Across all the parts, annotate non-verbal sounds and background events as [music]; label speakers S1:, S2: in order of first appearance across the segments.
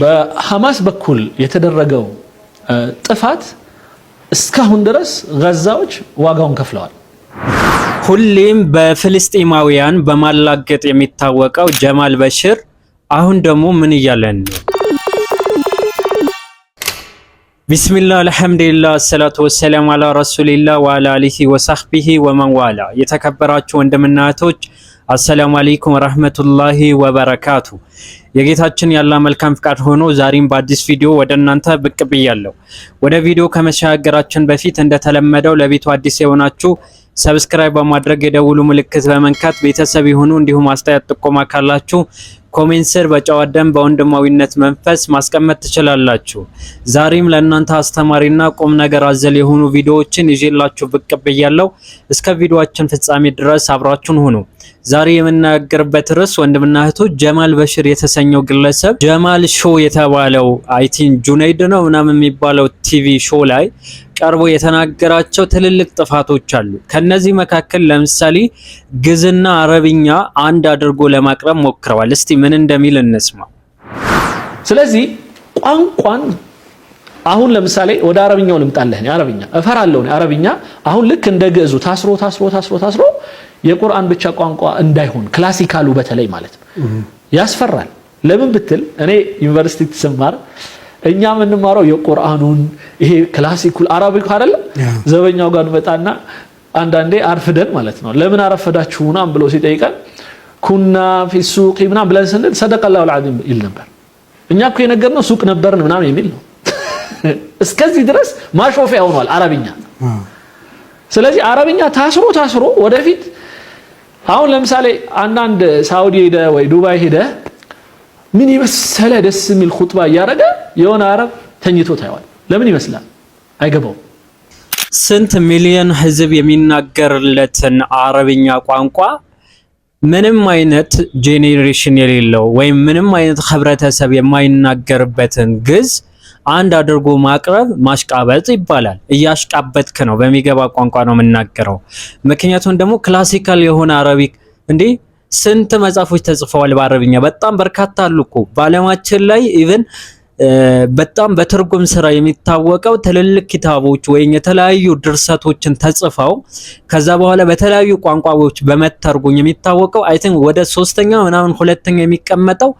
S1: በሐማስ በኩል የተደረገው ጥፋት እስካሁን ድረስ ጋዛዎች ዋጋውን ከፍለዋል። ሁሌም በፍልስጤማውያን በማላገጥ የሚታወቀው ጀማል በሽር አሁን ደግሞ ምን እያለን ነው? ቢስሚላ አልሐምዱሊላ አሰላቱ ወሰላም አላ ረሱሊላ ወአላ አሊሂ ወሳህቢሂ ወመንዋላ የተከበራችሁ ወንድምናቶች አሰላሙ አለይኩም ወራህመቱላሂ ወበረካቱ። የጌታችን ያላ መልካም ፍቃድ ሆኖ ዛሬም በአዲስ ቪዲዮ ወደ እናንተ ብቅ ብያለሁ። ወደ ቪዲዮ ከመሸጋገራችን በፊት እንደተለመደው ለቤቱ አዲስ የሆናችሁ ሰብስክራይብ በማድረግ የደውሉ ምልክት በመንካት ቤተሰብ ይሁኑ። እንዲሁም አስተያየት ጥቆማ ካላችሁ ኮሜንት ስር በጨዋ ደም በወንድማዊነት መንፈስ ማስቀመጥ ትችላላችሁ። ዛሬም ለእናንተ አስተማሪና ቁም ነገር አዘል የሆኑ ቪዲዮዎችን ይዤላችሁ ብቅ ብያለሁ። እስከ ቪዲዮአችን ፍጻሜ ድረስ አብራችሁን ሁኑ። ዛሬ የምናገርበት ርዕስ ወንድምና እህቶች ጀማል በሽር የተሰኘው ግለሰብ ጀማል ሾ የተባለው አይቲን ቲንክ ጁነይድ ነው ምናምን የሚባለው ቲቪ ሾ ላይ ቀርቦ የተናገራቸው ትልልቅ ጥፋቶች አሉ። ከነዚህ መካከል ለምሳሌ ግዕዝና አረብኛ አንድ አድርጎ ለማቅረብ ሞክረዋል። እስቲ ምን እንደሚል እንስማ። ስለዚህ ቋንቋን አሁን ለምሳሌ ወደ አረብኛው ልምጣለህ። አረብኛ እፈራለሁ። አረብኛ አሁን ልክ እንደ ግዕዙ ታስሮ ታስሮ ታስሮ ታስሮ የቁርአን ብቻ ቋንቋ እንዳይሆን ክላሲካሉ በተለይ ማለት ነው ያስፈራል። ለምን ብትል እኔ ዩኒቨርሲቲ ትስማር እኛ የምንማረው የቁርአኑን ይሄ ክላሲኩል አረቢክ አይደለ ዘበኛው ጋር እንመጣና አንዳንዴ አርፍደን ማለት ነው። ለምን አረፈዳችሁ ምናምን ብሎ ሲጠይቀን ኩና ፊ ሱቅ ምናምን ብለን ስንል ሰደቀላሁ ልዓዚም ይል ነበር። እኛ እኮ የነገርነው ሱቅ ነበርን ምናምን የሚል ነው። [laughs] እስከዚህ ድረስ ማሾፊያ ሆኗል አረብኛ። ስለዚህ አረብኛ ታስሮ ታስሮ ወደፊት አሁን ለምሳሌ አንዳንድ ሳውዲ ሄደ ወይ ዱባይ ሄደ ምን የመሰለ ደስ የሚል ኹጥባ እያረገ የሆነ አረብ ተኝቶ ታይዋል። ለምን ይመስላል አይገባው ስንት ሚሊዮን ህዝብ የሚናገርለትን አረብኛ ቋንቋ ምንም አይነት ጄኔሬሽን የሌለው ወይም ምንም አይነት ህብረተሰብ የማይናገርበትን ግዝ አንድ አድርጎ ማቅረብ ማሽቃበጥ ይባላል። እያሽቃበጥክ ነው፣ በሚገባ ቋንቋ ነው የምናገረው። ምክንያቱም ደግሞ ክላሲካል የሆነ አረቢክ እንዴ ስንት መጽሐፎች ተጽፈዋል በአረብኛ? በጣም በርካታ አሉ እኮ በአለማችን ላይ ኢቭን በጣም በትርጉም ስራ የሚታወቀው ትልልቅ ኪታቦች ወይም የተለያዩ ድርሰቶችን ተጽፈው ከዛ በኋላ በተለያዩ ቋንቋዎች በመተርጎም የሚታወቀው አይ ቲንክ ወደ ሶስተኛ ምናምን ሁለተኛ የሚቀመጠው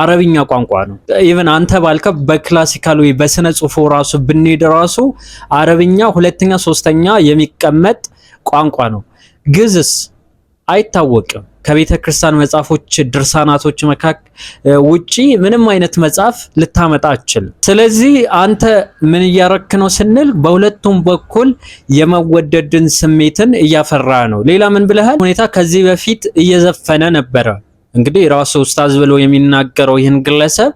S1: አረብኛ ቋንቋ ነው። ኢቭን አንተ ባልከብ በክላሲካል ወይ በስነ ጽሁፎ ራሱ ብንሄድ ራሱ አረብኛ ሁለተኛ ሶስተኛ የሚቀመጥ ቋንቋ ነው። ግዝስ አይታወቅም። ከቤተ ክርስቲያን መጽሐፎች ድርሳናቶች መካከል ውጪ ምንም አይነት መጽሐፍ ልታመጣ አችል። ስለዚህ አንተ ምን እያረክ ነው ስንል በሁለቱም በኩል የመወደድን ስሜትን እያፈራ ነው። ሌላ ምን ብለሃል? ሁኔታ ከዚህ በፊት እየዘፈነ ነበረ እንግዲህ ራሱ ኡስታዝ ብሎ የሚናገረው ይህን ግለሰብ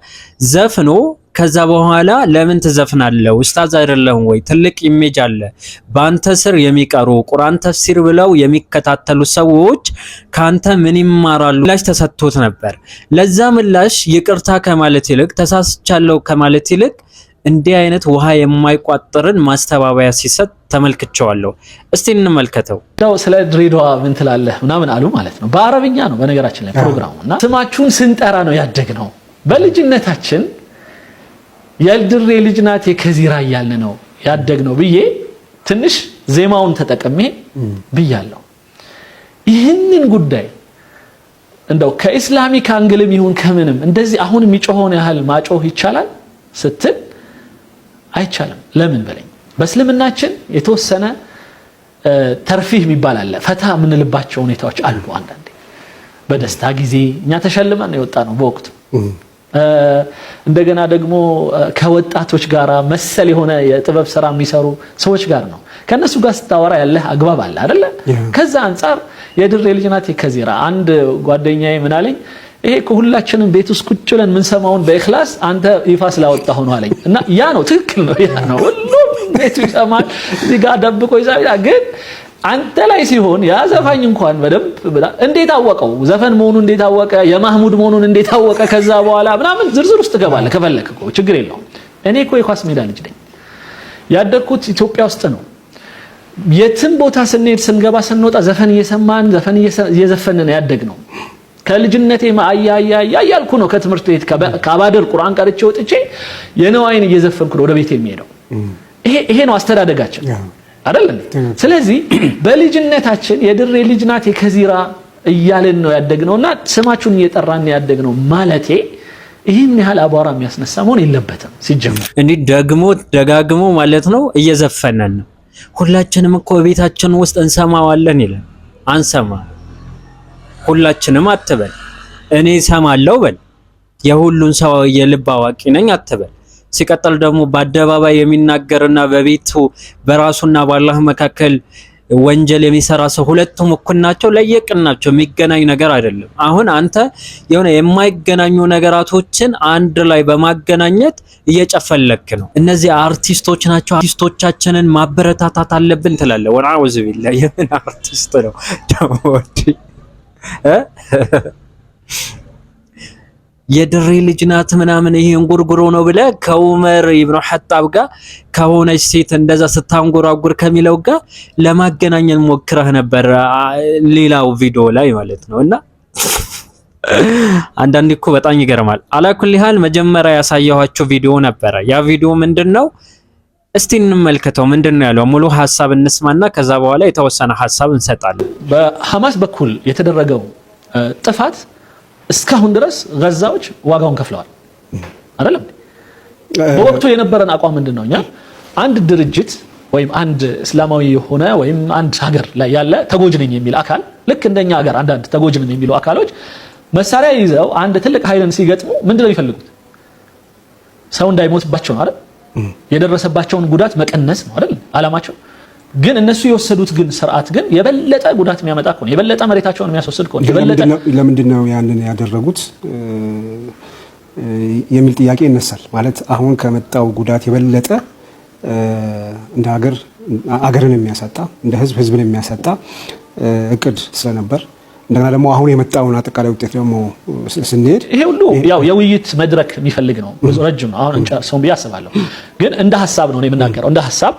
S1: ዘፍኖ ከዛ በኋላ ለምን ትዘፍናለህ? ኡስታዝ አይደለህም ወይ? ትልቅ ኢሜጅ አለ። በአንተ ስር የሚቀሩ ቁርአን ተፍሲር ብለው የሚከታተሉ ሰዎች ካንተ ምን ይማራሉ? ምላሽ ተሰጥቶት ነበር። ለዛ ምላሽ ይቅርታ ከማለት ይልቅ ተሳስቻለሁ ከማለት ይልቅ እንዲህ አይነት ውሃ የማይቋጠርን ማስተባበያ ሲሰጥ ተመልክቸዋለሁ። እስቲ እንመልከተው። ው ስለ ድሬዳዋ ምን ትላለህ ምናምን አሉ ማለት ነው። በአረብኛ ነው በነገራችን ላይ ፕሮግራሙ እና ስማችሁን ስንጠራ ነው ያደግ ነው። በልጅነታችን የድሬ ልጅ ናት የከዚራ እያልን ነው ያደግ ነው ብዬ ትንሽ ዜማውን ተጠቅሜ ብያለሁ። ይህንን ጉዳይ እንደው ከኢስላሚክ አንግልም ይሁን ከምንም እንደዚህ አሁን የሚጮኸውን ያህል ማጮህ ይቻላል ስትል አይቻልም። ለምን በለኝ። በእስልምናችን የተወሰነ ተርፊህ የሚባል አለ። ፈታ የምንልባቸው ሁኔታዎች አሉ። አንዳንዴ በደስታ ጊዜ እኛ ተሸልመን የወጣ ነው በወቅቱ እንደገና ደግሞ ከወጣቶች ጋር መሰል የሆነ የጥበብ ስራ የሚሰሩ ሰዎች ጋር ነው። ከእነሱ ጋር ስታወራ ያለህ አግባብ አለ አይደለ? ከዛ አንጻር የድሬ ልጅ ናት ከዚራ አንድ ጓደኛዬ ምን አለኝ ይሄ ከሁላችንም ቤት ውስጥ ቁጭ ብለን የምንሰማውን በእክላስ አንተ ይፋ ስላወጣሁ ሆኖ አለኝ እና ያ ነው ትክክል ነው። ያ ነው ሁሉም ቤቱ ይሰማል። እዚህ ጋር ደብቆ ይዛ ግን አንተ ላይ ሲሆን ያ ዘፋኝ እንኳን በደንብ እንዴት አወቀው ዘፈን መሆኑን እንዴት አወቀ የማህሙድ መሆኑን እንዴት አወቀ ከዛ በኋላ ምናምን ዝርዝር ውስጥ ገባለ ከፈለክ እኮ ችግር የለው እኔ እኮ የኳስ ሜዳ ልጅ ነኝ። ያደግኩት ኢትዮጵያ ውስጥ ነው። የትም ቦታ ስንሄድ ስንገባ ስንወጣ ዘፈን እየሰማን ዘፈን እየዘፈንን ያደግ ነው። ከልጅነቴ ማአያያያ እያልኩ ነው ከትምህርት ቤት ከአባደር ቁርአን ቀርቼ ወጥቼ የነዋይን እየዘፈንኩ ነው ወደ ቤት የሚሄደው። ይሄ ነው አስተዳደጋችን አይደል? ስለዚህ [clears throat] በልጅነታችን የድሬ ልጅ ከዚራ የከዚራ ነው ያደግነውና ስማችሁን እየጠራን ያደግነው ማለቴ ይህን ያህል አቧራ የሚያስነሳ መሆን የለበትም። ሲጀምር እንዲህ ደግሞ ደጋግሞ ማለት ነው እየዘፈነን ነው። ሁላችንም እኮ ቤታችን ውስጥ እንሰማዋለን ይላል። አንሰማ ሁላችንም አትበል። እኔ ሰማለው በል። የሁሉን ሰው የልብ አዋቂ ነኝ አትበል። ሲቀጥል ደግሞ በአደባባይ የሚናገርና በቤቱ በራሱና በአላህ መካከል ወንጀል የሚሰራ ሰው ሁለቱም እኩል ናቸው፣ ናቸው። የሚገናኝ ነገር አይደለም። አሁን አንተ የሆነ የማይገናኙ ነገራቶችን አንድ ላይ በማገናኘት እየጨፈለክ ነው። እነዚህ አርቲስቶች ናቸው። አርቲስቶቻችንን ማበረታታት አለብን ትላለህ። ወንአውዝ ቢላ የምን አርቲስት ነው? የድሬ ልጅ ናት ምናምን ይሄ እንጉርጉሮ ነው ብለ ከዑመር ኢብኑ ሐጣብ ጋር ከሆነች ሴት እንደዛ ስታንጎራጉር ከሚለው ጋር ለማገናኘት ሞክረህ ነበር፣ ሌላው ቪዲዮ ላይ ማለት ነው። እና አንዳንዴ እኮ በጣም ይገርማል። አላኩል ያህል መጀመሪያ ያሳየኋቸው ቪዲዮ ነበረ። ያ ቪዲዮ ምንድን ነው? እስቲ እንመልከተው ምንድን ነው ያለው። ሙሉ ሀሳብ እንስማና ከዛ በኋላ የተወሰነ ሀሳብ እንሰጣለን። በሐማስ በኩል የተደረገው ጥፋት እስካሁን ድረስ ጋዛዎች ዋጋውን ከፍለዋል አይደለም። በወቅቱ የነበረን አቋም ምንድን ነው? እኛ አንድ ድርጅት ወይም አንድ እስላማዊ የሆነ ወይም አንድ ሀገር ላይ ያለ ተጎጂ ነኝ የሚል አካል ልክ እንደኛ ሀገር አንዳንድ ተጎጂ ነኝ የሚሉ አካሎች መሳሪያ ይዘው አንድ ትልቅ ኃይልን ሲገጥሙ ምንድን ነው የሚፈልጉት? ሰው እንዳይሞትባቸው ነው አይደል የደረሰባቸውን ጉዳት መቀነስ ነው አይደል አላማቸው። ግን እነሱ የወሰዱት ግን ስርዓት ግን የበለጠ ጉዳት የሚያመጣ ከሆነ የበለጠ መሬታቸውን የሚያስወስድ ከሆነ
S2: የበለጠ ለምንድን ነው ያንን ያደረጉት የሚል ጥያቄ ይነሳል። ማለት አሁን ከመጣው ጉዳት የበለጠ እንደ ሀገር አገርን የሚያሳጣ እንደ ህዝብ ህዝብን የሚያሳጣ እቅድ ስለነበር እንደገና ደግሞ አሁን የመጣውን አጠቃላይ ውጤት ደግሞ ስንሄድ
S1: ይሄ ሁሉ ያው የውይይት መድረክ የሚፈልግ ነው። ብዙ ረጅም ነው። አሁን እንጨርሰውን ብዬ አስባለሁ። ግን እንደ ሀሳብ ነው የምናገረው። እንደ ሀሳብ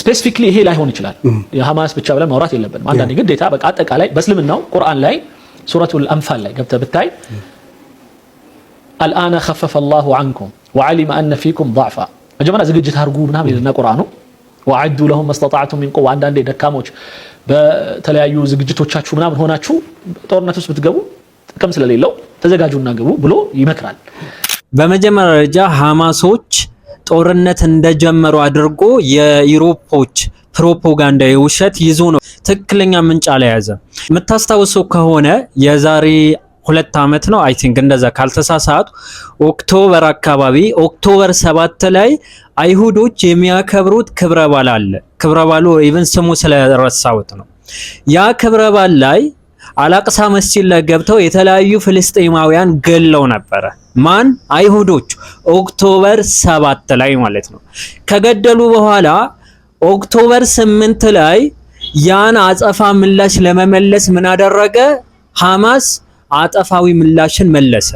S1: ስፔሲፊክሊ ይሄ ላይሆን ይችላል። የሀማስ ብቻ ብለን ማውራት የለብንም። አንዳንዴ ግዴታ በቃ አጠቃላይ በእስልምናው ቁርአን ላይ ሱረቱል አንፋል ላይ ገብተህ ብታይ አልአነ ከፈፈ ላሁ አንኩም ወዓሊመ አነ ፊኩም ضዕፋ መጀመሪያ ዝግጅት አድርጉ ምናምን ይልና ቁርአኑ ወአዱ ለሁም መስተጣዕቱም ሚን ቁዋ አንዳንዴ ደካሞች በተለያዩ ዝግጅቶቻችሁ ምናምን ሆናችሁ ጦርነት ውስጥ ብትገቡ ጥቅም ስለሌለው ተዘጋጁና ግቡ ብሎ ይመክራል። በመጀመሪያ ደረጃ ሐማሶች ጦርነት እንደጀመሩ አድርጎ የዩሮፖች ፕሮፓጋንዳ የውሸት ይዞ ነው ትክክለኛ ምንጭ አለያዘ። የምታስታውሰው ከሆነ የዛሬ ሁለት ዓመት ነው አይ ቲንክ እንደዛ ካልተሳሳቱ ኦክቶበር አካባቢ ኦክቶበር ሰባት ላይ አይሁዶች የሚያከብሩት ክብረ በዓል አለ። ክብረ በዓሉ ኢቭን ስሙ ስለረሳሁት ነው። ያ ክብረ በዓል ላይ አላቅሳ መስጂድ ላይ ገብተው የተለያዩ ፍልስጤማውያን ገለው ነበረ። ማን? አይሁዶች ኦክቶበር ሰባት ላይ ማለት ነው። ከገደሉ በኋላ ኦክቶበር ስምንት ላይ ያን አጸፋ ምላሽ ለመመለስ ምን አደረገ ሐማስ? አጸፋዊ ምላሽን መለሰ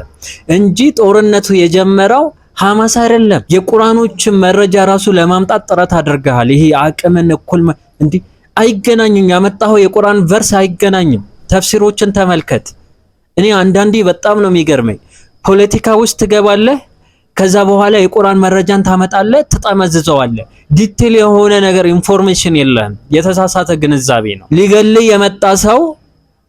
S1: እንጂ ጦርነቱ የጀመረው ሐማስ አይደለም የቁራኖችን መረጃ ራሱ ለማምጣት ጥረት አድርገሃል። ይሄ አቅምን እኩል እንዲህ አይገናኝም። ያመጣኸው የቁራን ቨርስ አይገናኝም። ተፍሲሮችን ተመልከት። እኔ አንዳንዴ በጣም ነው የሚገርመኝ። ፖለቲካ ውስጥ ትገባለህ፣ ከዛ በኋላ የቁራን መረጃን ታመጣለህ፣ ትጠመዝዘዋለህ። ዲቴል የሆነ ነገር ኢንፎርሜሽን የለህም። የተሳሳተ ግንዛቤ ነው። ሊገልህ የመጣ ሰው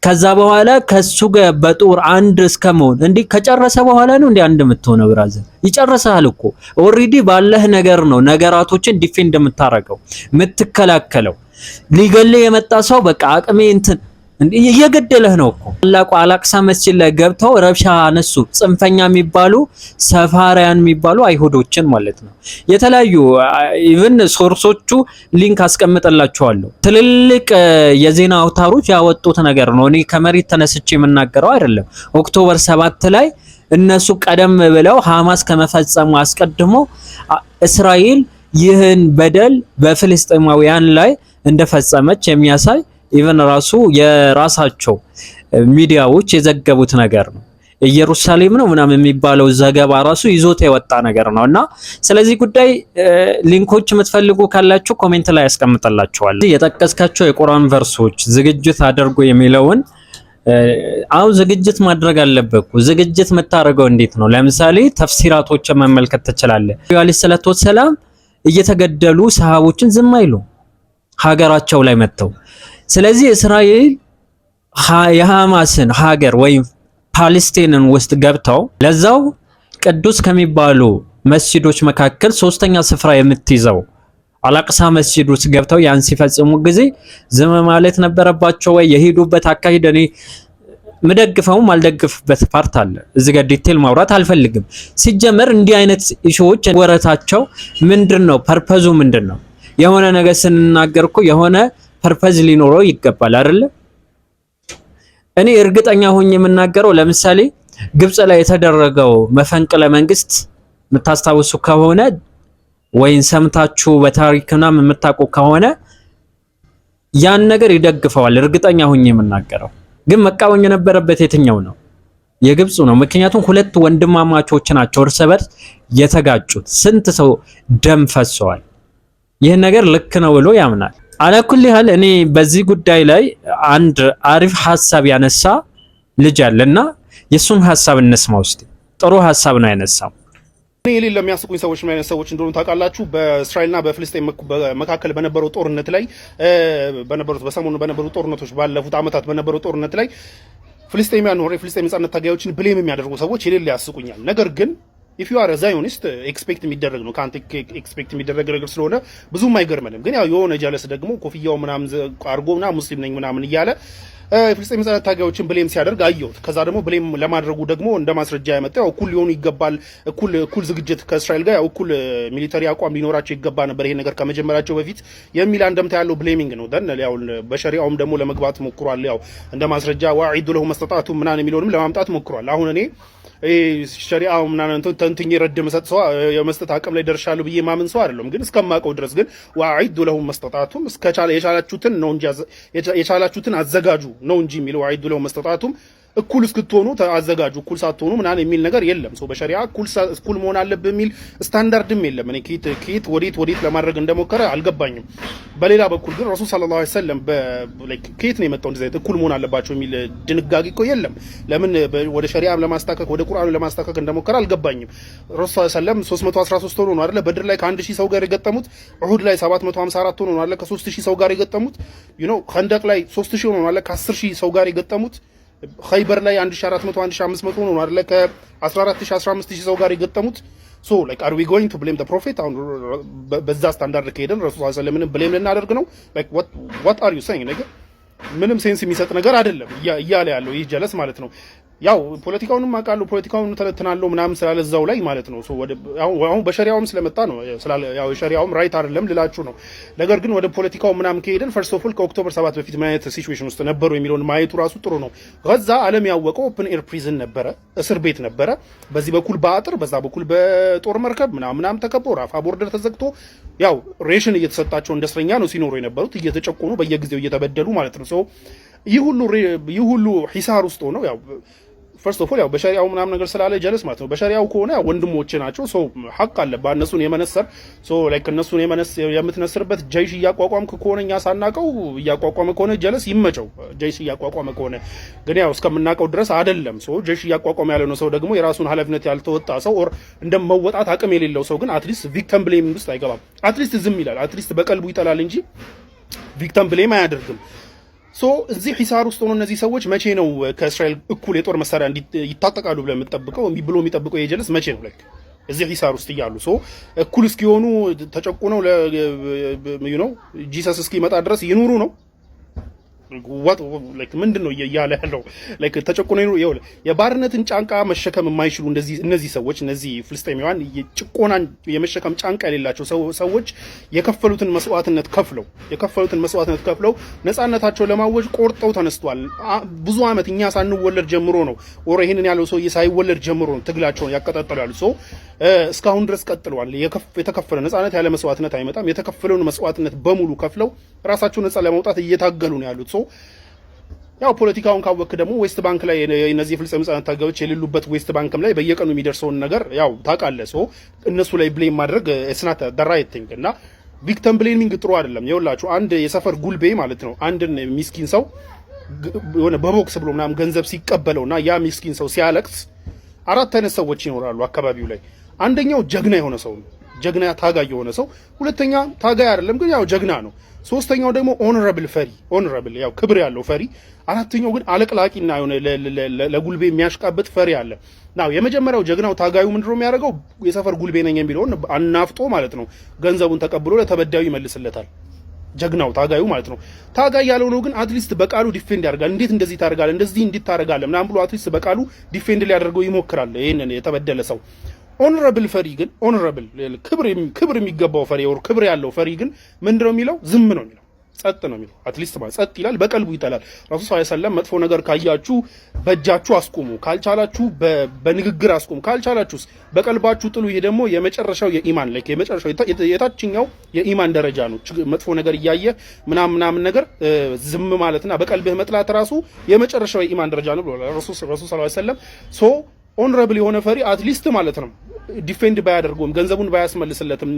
S1: ከዛ በኋላ ከሱ ጋር በጦር አንድ እስከመሆን እንዲ ከጨረሰ በኋላ ነው እንዲ አንድ የምትሆነው። ብራዘር ይጨርሰሃል እኮ ኦሬዲ ባለህ ነገር ነው ነገራቶችን ዲፌንድ የምታረገው የምትከላከለው። ሊገል የመጣ ሰው በቃ አቅሜ እንትን እየገደለህ ነው እኮ ታላቁ አላቅሳ መስጂድ ላይ ገብተው ረብሻ አነሱ። ጽንፈኛ የሚባሉ ሰፋሪያን የሚባሉ አይሁዶችን ማለት ነው። የተለያዩ ኢቭን ሶርሶቹ ሊንክ አስቀምጠላችኋለሁ። ትልልቅ የዜና አውታሮች ያወጡት ነገር ነው። እኔ ከመሬት ተነስቼ የምናገረው አይደለም። ኦክቶበር ሰባት ላይ እነሱ ቀደም ብለው ሐማስ ከመፈጸሙ አስቀድሞ እስራኤል ይህን በደል በፍልስጤማውያን ላይ እንደፈጸመች የሚያሳይ ኢቨን ራሱ የራሳቸው ሚዲያዎች የዘገቡት ነገር ነው። ኢየሩሳሌም ነው ምናምን የሚባለው ዘገባ ራሱ ይዞት የወጣ ነገር ነው እና ስለዚህ ጉዳይ ሊንኮች የምትፈልጉ ካላችሁ ኮሜንት ላይ ያስቀምጠላችኋል። የጠቀስካቸው የቁርአን ቨርሶች ዝግጅት አድርጎ የሚለውን አው ዝግጅት ማድረግ አለበት። ዝግጅት የምታደርገው እንዴት ነው? ለምሳሌ ተፍሲራቶች መመልከት ትችላለህ። ነብዩ አለይሂ ሰላቱ ወሰላም እየተገደሉ ሰሃቦችን ዝም አይሉ ሀገራቸው ላይ መጥተው ስለዚህ እስራኤል የሐማስን ሀገር ወይም ፓሌስቲንን ውስጥ ገብተው ለዛው ቅዱስ ከሚባሉ መስጂዶች መካከል ሶስተኛ ስፍራ የምትይዘው አላቅሳ መስጂድ ውስጥ ገብተው ያን ሲፈጽሙ ጊዜ ዝም ማለት ነበረባቸው ወይ? የሄዱበት አካሄድ እኔ ምደግፈው ማልደግፍበት ፓርት አለ። እዚ ጋር ዲቴል ማውራት አልፈልግም። ሲጀመር እንዲህ አይነት ኢሹዎች ወረታቸው ምንድን ነው? ፐርፐዙ ምንድን ነው? የሆነ ነገር ስንናገር እኮ የሆነ ፐርፐዝ ሊኖረው ይገባል አይደለ? እኔ እርግጠኛ ሆኜ የምናገረው ለምሳሌ ግብጽ ላይ የተደረገው መፈንቅለ መንግስት የምታስታውሱ ከሆነ ወይም ሰምታችሁ በታሪክና የምታውቁ ከሆነ ያን ነገር ይደግፈዋል። እርግጠኛ ሆኜ የምናገረው ግን መቃወም የነበረበት የትኛው ነው? የግብፁ ነው። ምክንያቱም ሁለት ወንድማማቾች ናቸው እርስ በርስ የተጋጩት። ስንት ሰው ደም ፈሰዋል። ይህን ነገር ልክ ነው ብሎ ያምናል። አላኩል ያህል እኔ በዚህ ጉዳይ ላይ አንድ አሪፍ ሀሳብ ያነሳ ልጅ አለና የሱን ሀሳብ እንስማ ውስጥ ጥሩ ሀሳብ ነው ያነሳው። እኔ የሌለ የሚያስቁኝ ሰዎች ምን አይነት ሰዎች እንደሆኑ ታውቃላችሁ። በእስራኤልና በፍልስጤም መካከል በነበረው ጦርነት ላይ በነበሩት በሰሞኑ በነበሩ ጦርነቶች ባለፉት ዓመታት በነበረው ጦርነት ላይ ፍልስጤሚያን ወሬ ፍልስጤም ነጻነት ታጋዮችን ብሌም የሚያደርጉ ሰዎች የሌለ ያስቁኛል። ነገር ግን ኢፍ ዩ አር ዛዮኒስት ኤክስፔክት የሚደረግ ነው ከአንተ ኤክስፔክት የሚደረግ ነገር ስለሆነ ብዙም አይገርመንም። ግን ያው የሆነ ጀለስ ደግሞ ኮፍያው ምናምን አድርጎ ምናምን ሙስሊም ነኝ ምናምን እያለ የፍልስጤም ህጻናት ታጋዮችን ብሌም ሲያደርግ አየሁት። ከዛ ደግሞ ብሌም ለማድረጉ ደግሞ እንደ ማስረጃ ያመጣ ያው እኩል ሊሆኑ ይገባል፣ እኩል እኩል ዝግጅት ከእስራኤል ጋር ያው እኩል ሚሊተሪ አቋም ሊኖራቸው ይገባ ነበር ይሄ ነገር ከመጀመራቸው በፊት የሚል አንደምታ ያለው ብሌሚንግ ነው። ደን ያው በሸሪዓውም ደግሞ ለመግባት ሞክሯል። ያው እንደ ማስረጃ ዋዒዱ ለሁ መስተጣቱ ምናምን የሚለውንም ለማምጣት ሞክሯል። አሁን እኔ ሸሪአው ምናምን ተንትኜ ረድ መሰጥ ሰው የመስጠት አቅም ላይ ደርሻለሁ ብዬ ማምን ሰው አይደለም። ግን እስከማውቀው ድረስ ግን ዋዒዱ ለሁም መስጠጣቱም እስከቻለ የቻላችሁትን ነው እንጂ የቻላችሁትን አዘጋጁ ነው እንጂ የሚለው ዋዒዱ ለሁም መስጠጣቱም እኩል እስክትሆኑ አዘጋጁ፣ እኩል ሳትሆኑ ምናምን የሚል ነገር የለም። ሰው በሸሪያ እኩል መሆን አለብህ የሚል ስታንዳርድም የለም። እኔ ኬት ኬት ወዴት ወዴት ለማድረግ እንደሞከረ አልገባኝም። በሌላ በኩል ግን ረሱል ሰለላሁ ዐለይሂ ወሰለም ኬት ነው የመጣው? እንደዚህ እኩል መሆን አለባቸው የሚል ድንጋጌ እኮ የለም። ለምን ወደ ሸሪያም ለማስታከክ ወደ ቁርአኑ ለማስታከክ እንደሞከረ አልገባኝም። ረሱል ሰለላሁ ዐለይሂ ወሰለም 313 ሆኖ ነው አይደለ በድር ላይ ከአንድ ሺህ ሰው ጋር የገጠሙት። ኡሁድ ላይ 754 ሆኖ ነው አይደለ ከ3000 ሰው ጋር የገጠሙት። ዩ ኖ ከንደቅ ላይ 3000 ሆኖ ነው አይደለ ከ10000 ሰው ጋር የገጠሙት። ኸይበር ላይ 1400 1500 ነው አይደለ? ከ14000 15000 ሰው ጋር የገጠሙት ሶ ላይክ አር ዊ ጎይንግ ቱ ብሌም ዘ ፕሮፌት። አሁን በዛ ስታንዳርድ ከሄደን ረሱ ሰለላሁ ዐለይሂ ወሰለም ብሌም ልናደርግ ነው? ላይክ ዋት ዋት አር ዩ ሴይንግ ነገር ምንም ሴንስ የሚሰጥ ነገር አይደለም እያለ ያለው ይህ ጀለስ ማለት ነው። ያው ፖለቲካውንም አውቃለሁ ፖለቲካውን ተለትናለሁ ምናምን ስላለ እዛው ላይ ማለት ነው። አሁን በሸሪያውም ስለመጣ ነው የሸሪያውም ራይት አይደለም ልላችሁ ነው። ነገር ግን ወደ ፖለቲካው ምናምን ከሄደን ፈርስት ኦፍ ኦል ከኦክቶበር ሰባት በፊት ምን አይነት ሲዌሽን ውስጥ ነበሩ የሚለውን ማየቱ ራሱ ጥሩ ነው። ከዛ ዓለም ያወቀው ኦፕን ኤር ፕሪዝን ነበረ፣ እስር ቤት ነበረ። በዚህ በኩል በአጥር በዛ በኩል በጦር መርከብ ምናምናም ተከበው ራፋ ቦርደር ተዘግቶ ያው ሬሽን እየተሰጣቸው እንደ እስረኛ ነው ሲኖሩ የነበሩት እየተጨቆኑ በየጊዜው እየተበደሉ ማለት ነው። ይህ ሁሉ ሂሳር ውስጥ ሆነው ፈርስት ኦፍ ኦል ያው በሸሪያው ምናምን ነገር ስላለ ጀለስ ማለት ነው። በሸሪያው ከሆነ ወንድሞች ናቸው፣ ሰው ሀቅ አለብህ እነሱን የመነሰር ሶ ላይክ እነሱን የምትነስርበት ጀይሽ እያቋቋም ከሆነ እኛ ሳናቀው እያቋቋመ ከሆነ ጀለስ ይመቸው። ጀይሽ እያቋቋመ ከሆነ ግን ያው እስከምናቀው ድረስ አይደለም። ሶ ጀይሽ እያቋቋመ ያለ ነው ሰው ደግሞ የራሱን ኃላፊነት ያልተወጣ ሰው ኦር እንደ መወጣት አቅም የሌለው ሰው ግን አትሊስት ቪክተም ብሌም ውስጥ አይገባም። አትሊስት ዝም ይላል። አትሊስት በቀልቡ ይጠላል እንጂ ቪክተም ብሌም አያደርግም። ሶ እዚህ ሂሳር ውስጥ ሆኖ እነዚህ ሰዎች መቼ ነው ከእስራኤል እኩል የጦር መሳሪያ ይታጠቃሉ ብለ የምጠብቀው ብሎ የሚጠብቀው የጀለስ መቼ ነው? ላይክ እዚህ ሂሳር ውስጥ እያሉ ሶ እኩል እስኪሆኑ ተጨቁ ነው ጂሰስ እስኪመጣ ድረስ ይኑሩ ነው ወጥ ላይክ ምንድነው እያለ ያለው ላይክ ተጨቆነ ነው። የባርነትን ጫንቃ መሸከም የማይችሉ እንደዚህ እነዚህ ሰዎች እነዚህ ፍልስጤማውያን የጭቆናን የመሸከም ጫንቃ የሌላቸው ሰዎች የከፈሉትን መስዋዕትነት ከፍለው የከፈሉትን መስዋዕትነት ከፍለው ነፃነታቸው ለማወጅ ቆርጠው ተነስተዋል። ብዙ ዓመት እኛ ሳንወለድ ጀምሮ ነው ኦሮ ይሄንን ያለው ሰውዬ ሳይወለድ ጀምሮ ነው ትግላቸውን ያቀጣጠሉ ያሉ ሰው እስካሁን ድረስ ቀጥለዋል። የተከፈለ ነፃነት ያለ መስዋዕትነት አይመጣም። የተከፈለውን መስዋዕትነት በሙሉ ከፍለው ራሳቸው ነፃ ለማውጣት እየታገሉ ነው ያሉት። ሶ ያው ፖለቲካውን ካወክ ደግሞ ዌስት ባንክ ላይ እነዚህ የፍልስጤም ህጻናት ታጋዮች የሌሉበት ዌስት ባንክም ላይ በየቀኑ የሚደርሰውን ነገር ያው ታውቃለህ። ሶ እነሱ ላይ ብሌም ማድረግ ስናት ራይት ቲንግ እና ቪክተም ብሌሚንግ ጥሩ አይደለም። የውላችሁ አንድ የሰፈር ጉልቤ ማለት ነው አንድን ሚስኪን ሰው የሆነ በቦክስ ብሎ ምናምን ገንዘብ ሲቀበለው እና ያ ሚስኪን ሰው ሲያለቅስ አራት አይነት ሰዎች ይኖራሉ አካባቢው ላይ። አንደኛው ጀግና የሆነ ሰው ነው። ጀግና ታጋይ የሆነ ሰው። ሁለተኛ ታጋይ አይደለም ግን ያው ጀግና ነው። ሶስተኛው ደግሞ ኦኖረብል ፈሪ፣ ኦኖረብል ያው ክብር ያለው ፈሪ። አራተኛው ግን አለቅላቂና የሆነ ለጉልቤ የሚያሽቃብጥ ፈሪ አለ። ናው የመጀመሪያው ጀግናው ታጋዩ ምንድን ነው የሚያደርገው? የሰፈር ጉልቤ ነኝ የሚለውን አናፍጦ ማለት ነው ገንዘቡን ተቀብሎ ለተበዳዩ ይመልስለታል። ጀግናው ታጋዩ ማለት ነው። ታጋይ ያለው ነው ግን አትሊስት በቃሉ ዲፌንድ ያደርጋል። እንዴት እንደዚህ ታደርጋለህ፣ እንደዚህ እንዲታደርጋለህ ምናምን ብሎ አትሊስት በቃሉ ዲፌንድ ሊያደርገው ይሞክራል። ይህንን የተበደለ ሰው ኦነራብል ፈሪ ግን ኦኖረብል ክብር የሚገባው ፈሪ ወር ክብር ያለው ፈሪ ግን ምንድነው የሚለው? ዝም ነው የሚለው፣ ጸጥ ነው የሚለው። አትሊስት ማለት ጸጥ ይላል፣ በቀልቡ ይጠላል። ረሱል ሰለላሁ ዐለይሂ ወሰለም መጥፎ ነገር ካያችሁ በእጃችሁ አስቁሙ፣ ካልቻላችሁ በንግግር አስቁሙ፣ ካልቻላችሁስ በቀልባችሁ ጥሉ። ይሄ ደግሞ የመጨረሻው የኢማን ላይ የመጨረሻው የታችኛው የኢማን ደረጃ ነው። መጥፎ ነገር እያየ ምናምን ምናምን ነገር ዝም ማለትና በቀልብህ መጥላት ራሱ የመጨረሻው የኢማን ደረጃ ነው ብሏል ረሱል ሰለላሁ ዐለይሂ ወሰለም ሶ ኦንረብል የሆነ ፈሪ አትሊስት ማለት ነው ዲፌንድ ባያደርገውም ገንዘቡን ባያስመልስለትም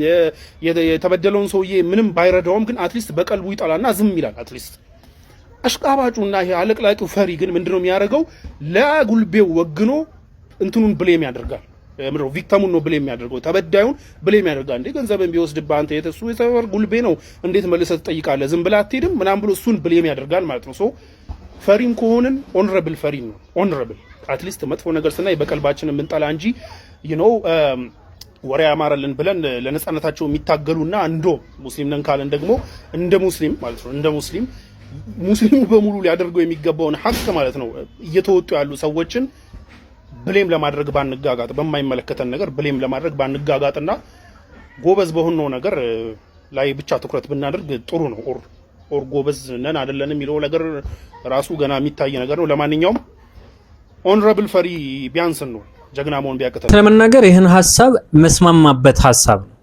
S1: የተበደለውን ሰውዬ ምንም ባይረዳውም ግን አትሊስት በቀልቡ ይጠላና ዝም ይላል። አትሊስት አሽቃባጩና ይሄ አለቅላቂው ፈሪ ግን ምንድነው የሚያደርገው? ለጉልቤው ወግኖ እንትኑን ብሌም ያደርጋል። ምድሮ ቪክተሙን ነው ብሌም የሚያደርገው ተበዳዩን ብሌም ያደርጋል። እንዴ ገንዘብን ቢወስድብህ አንተ የተሱ የተበር ጉልቤ ነው እንዴት መልሰ ትጠይቃለህ? ዝም ብላ አትሄድም ምናም ብሎ እሱን ብሌም ያደርጋል ማለት ነው። ሶ ፈሪም ከሆንን ኦንረብል ፈሪም ነው ኦንረብል አትሊስት መጥፎ ነገር ስናይ በቀልባችን የምንጠላ እንጂ ነው um, ወሬ ያማረልን ብለን ለነጻነታቸው የሚታገሉና እንዶ ሙስሊም ነን ካለን ደግሞ እንደ ሙስሊም ማለት ነው እንደ ሙስሊም ሙስሊሙ በሙሉ ሊያደርገው የሚገባውን ሀቅ ማለት ነው እየተወጡ ያሉ ሰዎችን ብሌም ለማድረግ ባንጋጋጥ፣ በማይመለከተን ነገር ብሌም ለማድረግ ባንጋጋጥና ጎበዝ በሆነው ነገር ላይ ብቻ ትኩረት ብናደርግ ጥሩ ነው። ኦር ጎበዝ ነን አይደለን የሚለው ነገር ራሱ ገና የሚታይ ነገር ነው። ለማንኛውም ኦንረብል ፈሪ ቢያንስ ነው ጀግና መሆን ቢያቅተን ስለመናገር ይህን ሀሳብ መስማማበት ሀሳብ ነው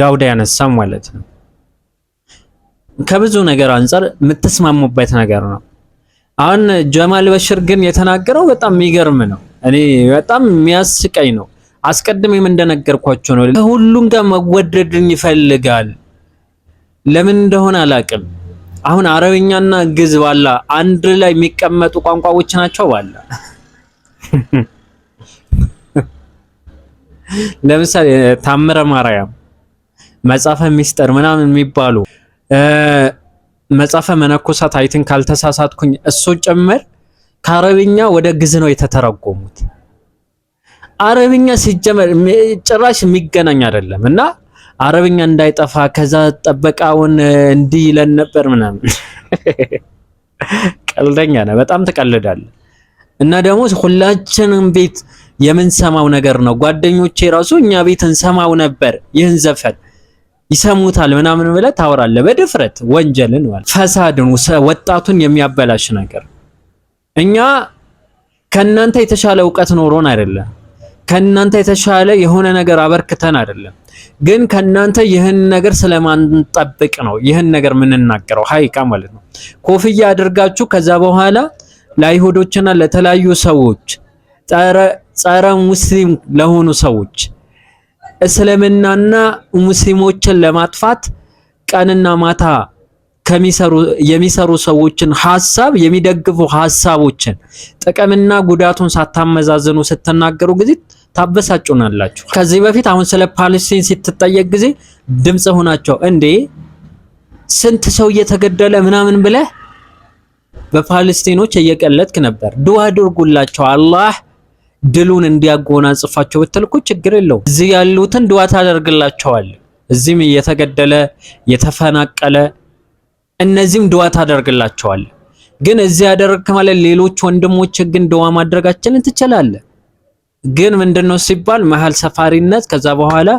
S1: ዳውድ ያነሳ ማለት ነው። ከብዙ ነገር አንጻር የምትስማሙበት ነገር ነው። አሁን ጀማል በሽር ግን የተናገረው በጣም የሚገርም ነው። እኔ በጣም የሚያስቀኝ ነው። አስቀድሜም እንደነገርኳቸው ነው። ከሁሉም ጋር መወደድን ይፈልጋል። ለምን እንደሆነ አላቅም። አሁን አረብኛና ግዝ ባላ አንድ ላይ የሚቀመጡ ቋንቋዎች ናቸው። ባላ ለምሳሌ ታምረ ማርያም፣ መጻፈ ሚስጥር ምናምን የሚባሉ መጻፈ መነኮሳት አይትን ካልተሳሳትኩኝ እሱ ጭምር ከአረብኛ ወደ ግዝ ነው የተተረጎሙት። አረብኛ ሲጀመር ጭራሽ የሚገናኝ አይደለም እና አረብኛ እንዳይጠፋ ከዛ ጠበቃውን እንዲህ ይለን ነበር ምናምን። [laughs] ቀልደኛ ነህ፣ በጣም ትቀልዳለህ። እና ደግሞ ሁላችንም ቤት የምንሰማው ነገር ነው። ጓደኞቼ ራሱ እኛ ቤት እንሰማው ነበር ይህን ዘፈን ይሰሙታል ምናምን ብለህ ታወራለህ። በድፍረት ወንጀልን ማለት ፈሳድን፣ ወጣቱን የሚያበላሽ ነገር። እኛ ከእናንተ የተሻለ እውቀት ኖሮን አይደለም፣ ከእናንተ የተሻለ የሆነ ነገር አበርክተን አይደለም። ግን ከእናንተ ይህን ነገር ስለማንጠብቅ ነው ይህን ነገር የምንናገረው። ሀይቃ ማለት ነው ኮፍያ አድርጋችሁ ከዛ በኋላ ለአይሁዶችና ለተለያዩ ሰዎች ጸረ ሙስሊም ለሆኑ ሰዎች እስልምናና ሙስሊሞችን ለማጥፋት ቀንና ማታ የሚሰሩ ሰዎችን ሀሳብ የሚደግፉ ሀሳቦችን ጥቅምና ጉዳቱን ሳታመዛዝኑ ስትናገሩ ጊዜ ታበሳጩናላችሁ። ከዚህ በፊት አሁን ስለ ፓለስቲን ስትጠየቅ ጊዜ ድምፅ ሆናቸው እንዴ ስንት ሰው እየተገደለ ምናምን ብለህ በፓለስቲኖች እየቀለጥክ ነበር። ድዋ አድርጉላቸው አላህ ድሉን እንዲያጎናጽፋቸው ብትል ችግር የለውም። እዚህ ያሉትን ድዋ ታደርግላቸዋል። እዚህም እየተገደለ የተፈናቀለ እነዚህም ድዋ ታደርግላቸዋል። ግን እዚህ ያደረግክ ማለት ሌሎች ወንድሞች ግን ድዋ ማድረጋችንን ትችላለህ። ግን ምንድነው ሲባል መሀል ሰፋሪነት ከዛ በኋላ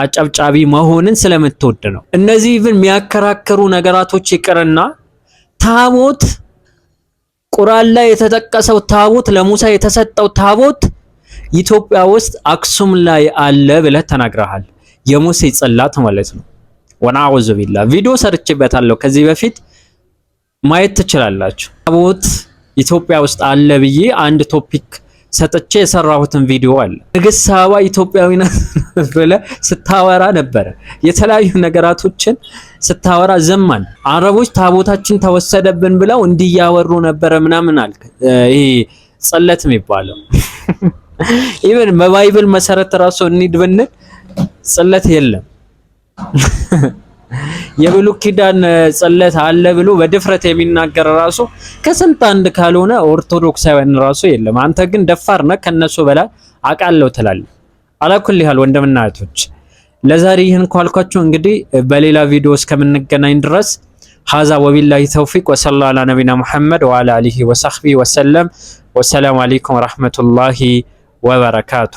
S1: አጨብጫቢ መሆንን ስለምትወድ ነው። እነዚህ ብን የሚያከራክሩ ነገራቶች ይቅርና ታቦት ቁርአን ላይ የተጠቀሰው ታቦት ለሙሳ የተሰጠው ታቦት ኢትዮጵያ ውስጥ አክሱም ላይ አለ ብለህ ተናግረሃል። የሙሴ ጽላት ማለት ነው። ወናውዙ ቢላ ቪዲዮ ሰርችበታለሁ ከዚህ በፊት ማየት ትችላላችሁ። ታቦት ኢትዮጵያ ውስጥ አለ ብዬ አንድ ቶፒክ ሰጥቼ የሰራሁትን ቪዲዮ አለ። ንግስት ሳባ ኢትዮጵያዊ [laughs] ብለ ስታወራ ነበረ። የተለያዩ ነገራቶችን ስታወራ ዘማን አረቦች ታቦታችን ተወሰደብን ብለው እንዲያወሩ ነበረ ምናምን አልክ። ይሄ ጸለት የሚባለው [laughs] ኢቨን በባይብል መሰረት ራሱ እንሂድ ብንል ጽለት የለም። [laughs] የብሉ ኪዳን ጽለት አለ ብሎ በድፍረት የሚናገር ራሱ ከስንት አንድ ካልሆነ ኦርቶዶክሳውያን ራሱ የለም። አንተ ግን ደፋር ነህ፣ ከነሱ በላይ አቃለው ትላለህ። አላኩል ይሃል ወንድምና እህቶች ለዛሬ ይህን ካልኳችሁ እንግዲህ በሌላ ቪዲዮ እስከምንገናኝ ድረስ ሀዛ ወቢላሂ ተውፊቅ ወሰላ አላ ነቢና ሙሐመድ ወአላ አሊሂ ወሰህቢ ወሰለም ወሰላሙ አለይኩም ወረህመቱላሂ ወበረካቱ።